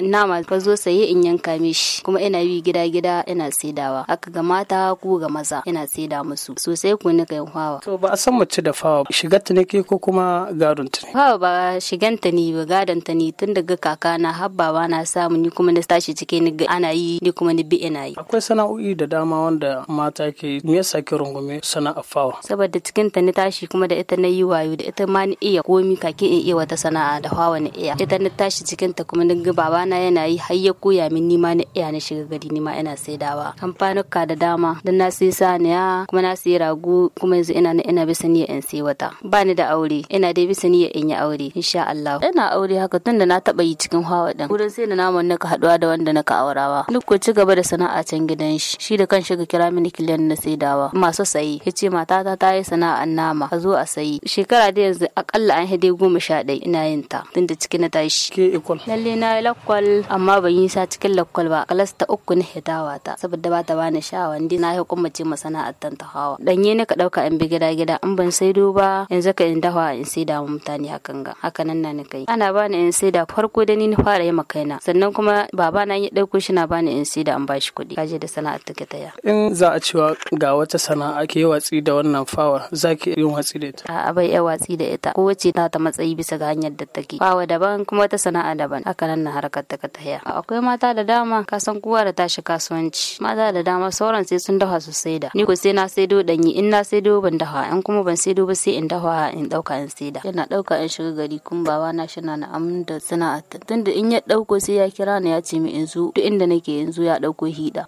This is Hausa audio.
nama ka zo saye in yanka mishi kuma ina bi gida gida ina saidawa haka ga mata ko ga maza ina saida musu sosai ko ni kai hawa to ba a san mace da fawa shigar ta ne ke ko kuma gadon ta ne fawa ba shigan ta ne ba gadon ta ne tun daga kaka na habbawa na samu ni kuma na tashi cike ni ana yi ni kuma ni bi ina yi akwai sana'o'i da dama wanda mata ke me yasa ke rungume sana'a fawa saboda cikin ta ni tashi kuma da ita na yi wayo da ita ma ni iya komi kake in iya wata sana'a da hawa ni iya ita ni tashi cikin ta kuma ni ga baba babana yana yi har ya koya min nima na iya na shiga gari nima ina saidawa kamfanuka da dama dan na sai saniya kuma na sai ragu kuma yanzu ina ina bisa niyya in sai wata ba ni da aure ina dai bisa niyya in yi aure insha Allah ina aure haka tunda na taba yi cikin hawa din wurin sai da naman naka haduwa da wanda naka aurawa duk ko ci gaba da sana'a can gidan shi shi da kan shiga kira mini kiliyan na saidawa masu sayi yace matata ta yi sana'a nama a zo a sayi shekara da yanzu akalla an hade goma sha ɗaya ina yin ta tunda ciki na tashi ke ikon lalle na yi lakwal amma ban yi sa cikin lakwal ba kalas ta uku na hitawa ta saboda ba ta bani sha'awa ndi na hukumar ce masana'antar ta hawa danye ne ka dauka in bi gida gida an ban sai duba yanzu ka in dawa in sai da mutane hakan ga hakanan na ni kai ana bani in sai da farko da ni na fara yi makaina sannan kuma baba na ya dauko shi na bani in sai da an bashi kuɗi kaje da sana'ar take ta ya in za a cewa ga wata sana'a ke watsi da wannan fawa zaki yin watsi da ita a'a bai yi watsi da ita ko wace ta ta matsayi bisa ga hanyar da take fawa daban kuma ta sana'a daban nan na harkar ta ka akwai mata da dama ka san kowa da tashi kasuwanci mata da dama sauran sai sun dafa su saida ni ko sai na saido danyi in na saido ban dafa in kuma ban saido ba sai in dafa in dauka in saida yana dauka in shiga gari kun babana na shi na amin da sana'a tunda in ya dauko sai ya kira ni ya ce mi in zo duk inda nake yanzu ya dauko hida